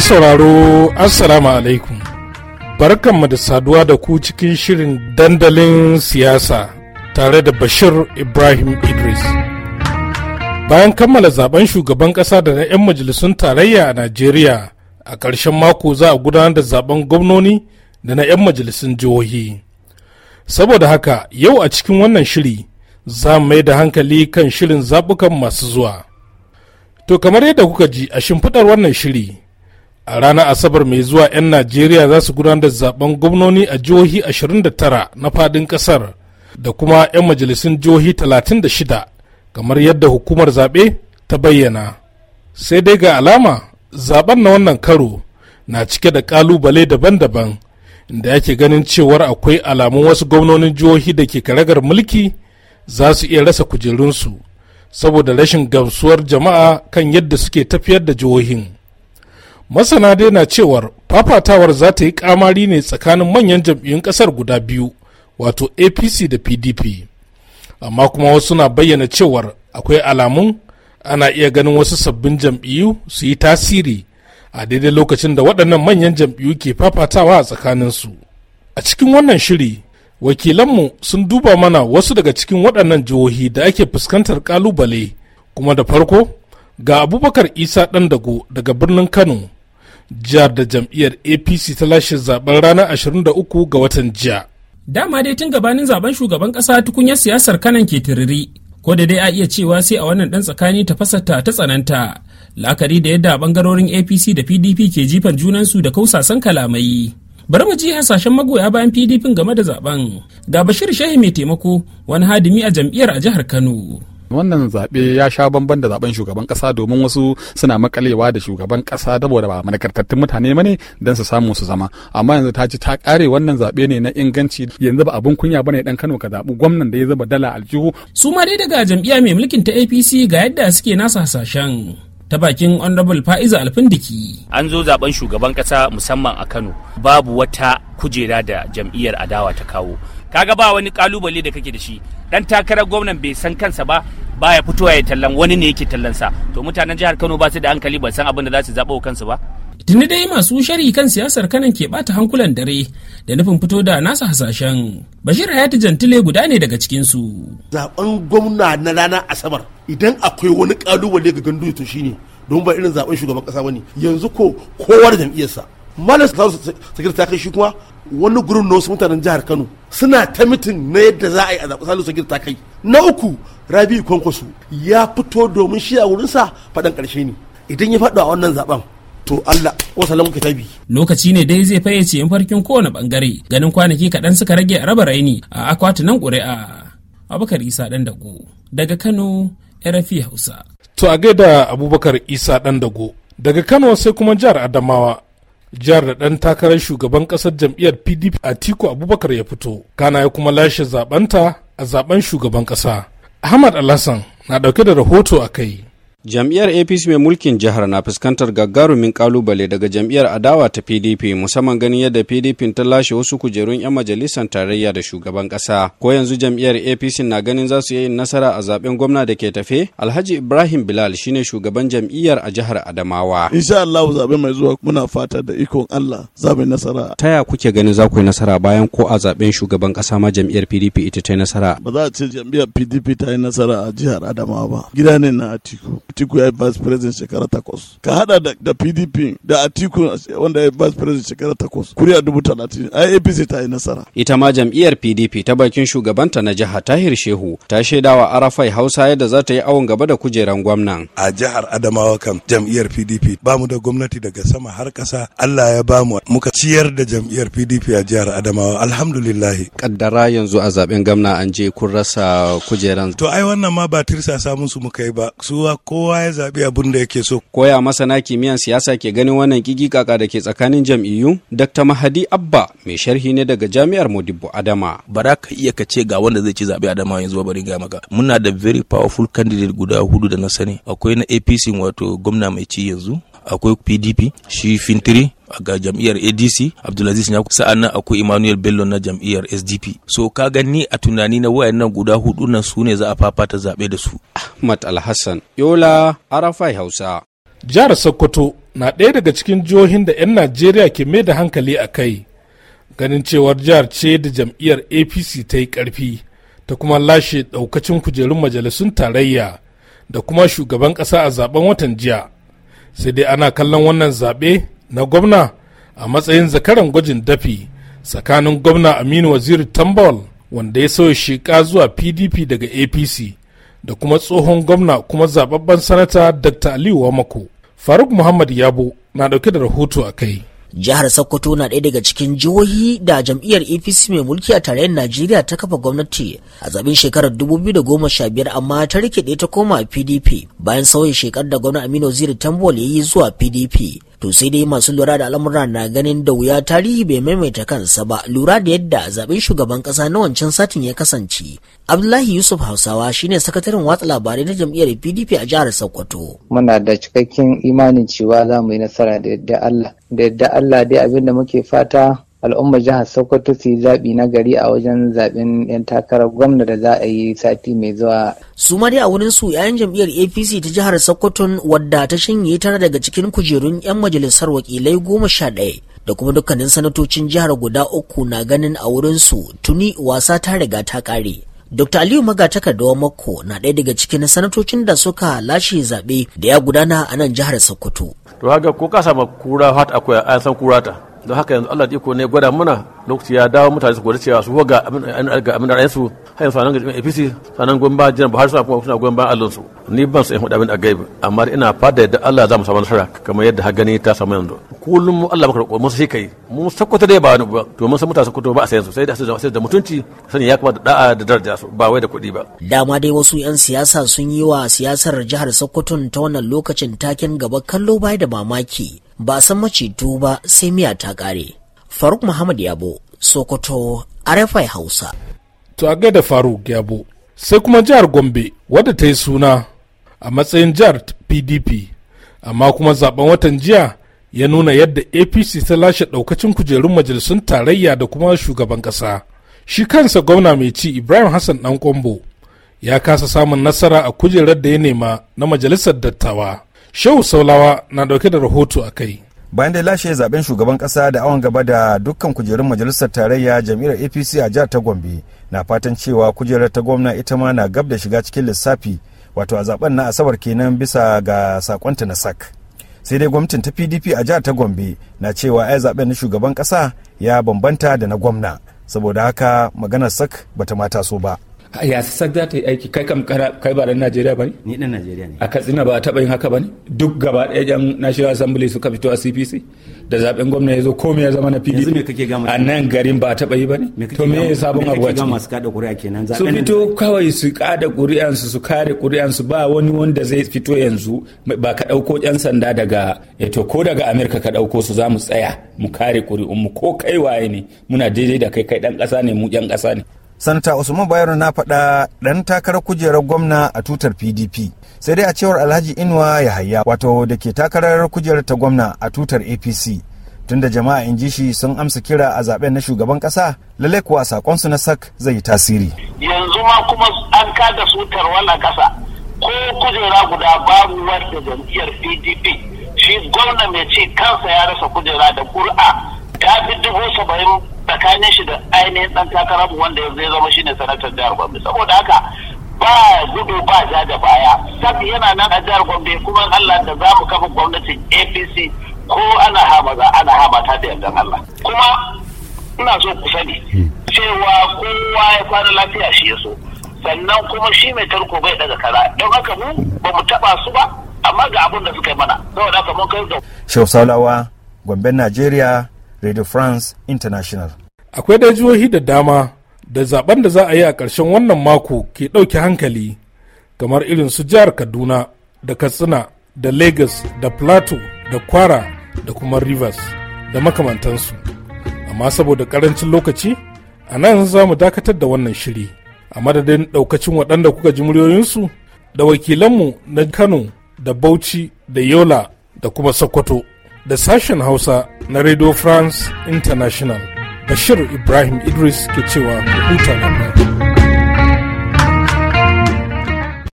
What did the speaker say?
sauraro assalamu alaikum barkanmu da saduwa da ku cikin shirin dandalin siyasa tare da bashir ibrahim idris bayan kammala zaben shugaban ƙasa da na 'yan majalisun tarayya a najeriya a ƙarshen mako za a gudanar da zaben gwamnoni da na 'yan majalisun jihohi saboda haka yau a cikin wannan shiri za mu mai da hankali kan shirin zaɓukan masu zuwa to kamar yadda kuka ji a shimfiɗar wannan shiri a ranar asabar mai zuwa 'yan najeriya za su gudanar da zaben gwamnoni a jihohi 29 na fadin kasar da kuma 'yan majalisun jihohi 36 kamar yadda hukumar zaɓe ta bayyana sai dai ga alama zaben na wannan karo na cike da ƙalubale daban-daban inda yake ganin cewar akwai alamun wasu gwamnonin jihohi da ke karagar mulki za su iya rasa kujerunsu saboda rashin gamsuwar jama'a kan yadda suke tafiyar da jihohin. masana dai na cewar fafatawar za ta yi kamari ne tsakanin manyan jam'iyyun kasar guda biyu wato apc da pdp amma kuma wasu na bayyana cewar akwai alamun ana iya ganin wasu sabbin jam'iyyu su yi tasiri a daidai lokacin da waɗannan manyan jam'iyyu ke fafatawa a tsakaninsu a cikin wannan shiri wakilanmu sun duba mana wasu daga cikin waɗannan jihohi da ake fuskantar kalubale kuma da farko ga abubakar isa ɗan dago daga birnin kano jihar da jam'iyyar apc ta lashe zaben ranar 23 ga watan jiya dama dai tun gabanin zaben shugaban kasa tukunyar siyasar kanan ke tiriri ko da dai a iya cewa sai a wannan dan tsakani ta fasata ta tsananta la'akari da yadda bangarorin apc da pdp ke jifan junansu da kausasan kalamai bari mu ji hasashen magoya bayan pdp game da zaben ga bashir shehi mai taimako wani hadimi a jam'iyyar a jihar kano wannan zaɓe ya sha bamban da zaɓen shugaban ƙasa domin wasu suna makalewa da shugaban ƙasa saboda ba manakartattun mutane ba ne don su samu su zama amma yanzu ta ci ta ƙare wannan zaɓe ne na inganci yanzu ba abun kunya ba ne ɗan Kano ka zaɓi gwamnan da ya zuba dala aljihu. su ma dai daga jam'iyya mai mulkin ta APC ga yadda suke nasa hasashen ta bakin honorable fa'iza alfindiki an zo zaben shugaban ƙasa musamman a kano babu wata kujera da jam'iyyar adawa ta kawo kaga ba wani kalubale da kake da shi dan takarar gwamnan bai san kansa ba baya fitowa ya tallan wani ne yake tallan sa to mutanen jihar Kano ba su da hankali ba san abin da za su zaba kansu ba tuni dai masu shari kan siyasar kanan ke bata hankulan dare da nufin fito da nasu hasashen bashir ta jantile guda ne daga cikin su zaben gwamna na ranar asabar idan akwai wani kalubale ga gandu to shine don ba irin zaben shugaban kasa bane yanzu ko kowar jam'iyyarsa malam sa sakir ta kai shi kuma wani gurin na wasu mutanen jihar kano suna ta mitin na yadda za a yi a zaɓi salisu gida ta kai na uku rabi kwankwaso ya fito domin shi a wurinsa faɗan ƙarshe ne idan ya faɗa a wannan zaɓen to Allah wasa ka tabi Lokaci ne dai zai fayyace in farkin kowane bangare ganin kwanaki kaɗan suka rage raba raini a akwatunan ƙuri'a. Abubakar Isa ɗan dago daga Kano RFI Hausa. To a gaida Abubakar Isa ɗan dago daga Kano sai kuma jihar Adamawa jihar da ɗan takarar shugaban ƙasar jam'iyyar pdp atiku abubakar ya fito kana ya kuma lashe zaɓenta a zaɓen shugaban ƙasa ahmad alhassan na ɗauke da rahoto a kai Jam'iyyar APC mai mulkin jihar na fuskantar gagarumin kalubale daga jam'iyyar adawa ta PDP musamman ganin yadda PDP ta lashe wasu kujerun 'yan majalisar tarayya da shugaban kasa. Ko yanzu jam'iyyar APC na ganin za su yi nasara a zaben gwamna da ke tafe? Alhaji Ibrahim Bilal shine shugaban jam'iyyar a jihar Adamawa. Insha Allah zabe mai zuwa muna fata da ikon Allah zabe nasara. Ta kuke ganin za ku yi nasara bayan ko a zaben shugaban kasa ma jam'iyyar PDP ita ta yi nasara? Ba za a ce jam'iyyar PDP ta yi nasara a jihar Adamawa ba. Gida ne na Atiku. Atiku ya yi vice president shekara takwas. Ka hada da, PDP da Atiku wanda ya yi vice president shekara takwas. Kuriya dubu talatin. Ai APC ta yi nasara. Ita ma jam'iyyar PDP ta bakin shugabanta na jihar Tahir Shehu ta shaidawa Arafai Hausa yadda za ta yi awon gaba da kujeran gwamnan. A jihar Adamawa kan jam'iyyar PDP ba mu da gwamnati daga sama har ƙasa Allah ya ba mu muka ciyar da jam'iyyar PDP a jihar Adamawa alhamdulillahi. Kaddara yanzu a zaben gwamna an je kun rasa kujeran. To ai wannan ma ba tirsa samun su muka yi ba. Suwa ko kowa ya zaɓi abin da yake so. Koya masana kimiyyar siyasa ke ganin wannan ƙiƙiƙaƙa da ke tsakanin jam'iyyu? Dr. Mahadi Abba mai sharhi ne daga Jami'ar Modibo Adama. bara ka iya ka ce ga wanda zai ci zaɓe Adama yanzu ba bari ga maka. Muna da very powerful candidate guda hudu da na sani. Akwai na APC wato gwamna mai ci yanzu. akwai pdp shi fintiri ga jam'iyyar adc abdulaziz nyako nan akwai emmanuel bello na jam'iyyar sdp so ka gani a tunani na wayannan guda hudu nan su ne za a fafata zaɓe da su ahmad alhassan yola arafai hausa jihar sokoto na ɗaya daga cikin jihohin da 'yan najeriya ke mai da hankali a kai ganin cewar jihar ce da jam'iyyar apc ta yi ƙarfi ta kuma lashe ɗaukacin kujerun majalisun tarayya da kuma shugaban ƙasa a zaben watan jiya sai dai ana kallon wannan zaɓe na gwamna a matsayin zakaran gwajin dafi tsakanin gwamna aminu waziri tambawal wanda ya sauya shiƙa zuwa pdp daga apc da kuma tsohon gwamna kuma zababben sanata dr aliyu wamako faruk muhammad yabo na ɗauke da rahoto a kai jihar sokoto na ɗaya daga cikin jihohi da jam'iyyar apc mai mulki a tarayyar najeriya ta kafa gwamnati a zaben shekarar 2015 amma ta rikide ta koma pdp bayan sauyin shekarar da gwamnan aminu ziri tambol ya yi zuwa pdp to sai dai masu lura da al'amura na ganin da wuya tarihi bai maimaita kansa ba lura da yadda zaben shugaban ƙasa na wancan satin ya kasance abdullahi yusuf hausawa shine sakataren watsa labarai na jam'iyyar pdp a jihar sokoto muna da cikakken imanin cewa za mu yi nasara da yadda allah da yadda Allah dai abinda muke fata al'ummar jihar Sokoto su yi zaɓi na gari a wajen zaɓen 'yan takarar gwamna da za a yi sati mai zuwa. Su ma dai a wurin su 'ya'yan jam'iyyar APC ta jihar Sokoto wadda ta shanye tara daga cikin kujerun 'yan majalisar wakilai goma sha ɗaya. Da kuma dukkanin sanatocin jihar guda uku na ganin a wurin su tuni wasa ta riga ta kare. Dr. Aliyu Magatakardawa mako na ɗaya daga cikin sanatocin da suka lashe zaɓe da ya gudana a nan jihar Sokoto. to haka ko ka sama kura hat akwai an san kura ta don haka yanzu Allah iko ne gwada muna lokaci ya dawo mutane su gwada cewa su ga abin da su har yanzu sanan ga APC sanan gwamba jiran Buhari suna kuma suna gwamba Allah su ni ban san hudu abin a gaibi amma ina fada yadda Allah za mu samu nasara kamar yadda ha gani ta samu yanzu kullum mu Allah baka roƙo mu sai kai mu sakkwata dai ba ba to mun san mutane sakkwato ba a sayan su sai da sai da mutunci sani ya kuma da da'a da daraja su ba wai da kuɗi ba dama dai wasu 'yan siyasa sun yi wa siyasar jihar Sokoton ta wannan lokacin taken gaba kallo bai da mamaki ba san macido ba sai miya ta kare faruk muhammad yabo sokoto arafai hausa to a gaida faruk yabo sai kuma jihar gombe wadda ta yi suna a matsayin jihar pdp amma kuma zaben watan jiya ya nuna yadda apc ta lashe daukacin kujerun majalisun tarayya da kuma shugaban kasa shi kansa gwamna mai ci ibrahim hassan dan kombo ya kasa samun nasara a kujerar da ya nema na majalisar dattawa Shehu Saulawa na dauke da rahoto a kai. Bayan da lashe zaben shugaban kasa da awon gaba da dukkan kujerun majalisar tarayya jam'iyyar APC a jihar ta Gombe na fatan cewa kujerar ta gwamna ita ma na gab da shiga cikin lissafi wato a zaben na asabar kenan bisa ga sakonta na sak. Sai dai gwamnatin ta PDP a jihar ta Gombe na cewa ai zaben na shugaban kasa ya bambanta da na gwamna saboda haka maganar sak bata mata so ba. ya sassak za ta yi aiki kai kam kai ba dan Najeriya ba ne? Ni dan Najeriya ne. A Katsina ba ta yin haka ba ne? Duk gaba ɗaya yan National Assembly suka fito a CPC da zaben gwamnati ya zo komai ya zama na PDP. Yanzu me kake ga A nan garin ba ta yi ba ne? To me ya sabon abu a masu kada ƙuri'a kenan Su fito kawai su kada ƙuri'ansu su kare ƙuri'ansu ba wani wanda zai fito yanzu ba ka dauko ƴan sanda daga eh to ko daga America ka dauko su za mu tsaya mu kare mu ko kai waye ne muna daidai da kai kai ɗan ƙasa ne mu ƴan ƙasa ne. sanata usman bayero na faɗa ɗan takarar kujerar gwamna a tutar pdp sai dai a cewar alhaji inuwa yahaya wato da ke takarar kujerar ta gwamna a tutar apc tunda jama'a in ji shi sun amsa kira a zaben na shugaban kasa lalle kuwa sakonsu na sak zai yi tasiri yanzu ma kuma an kada su wannan kasa ko kujera guda babu wanda jam'iyyar pdp shi gwamna mai ce kansa ya rasa kujera da kur'a ta fi dubu saba'in tsakanin shi da ainihin dan takarar wanda ya zama shine sanatar jihar Gombe saboda haka ba gudu ba ja da baya sabi yana nan a jihar Gombe kuma Allah da za mu kafa gwamnatin APC ko ana za ana ta da yardan Allah kuma ina so ku sani cewa kowa ya kwana lafiya shi ya so sannan kuma shi mai tarko bai daga kara don haka mu ba mu taba su ba amma ga abin da suka yi mana saboda haka mun kai da Shehu Salawa Gombe Najeriya radio france international akwai da jihohi da dama da zaben da za a yi a ƙarshen wannan mako ke ɗauki hankali kamar irin su jihar kaduna da katsina da lagos da plateau da kwara da kuma rivers da makamantansu amma saboda ƙarancin lokaci a nan za mu dakatar da wannan shiri a madadin ɗaukacin waɗanda kuka ji muryoyinsu da wakilanmu na kano da bauchi da yola da kuma sokoto da sashen Hausa na Radio France International. Bashir Ibrahim Idris ke cewa na lafiya.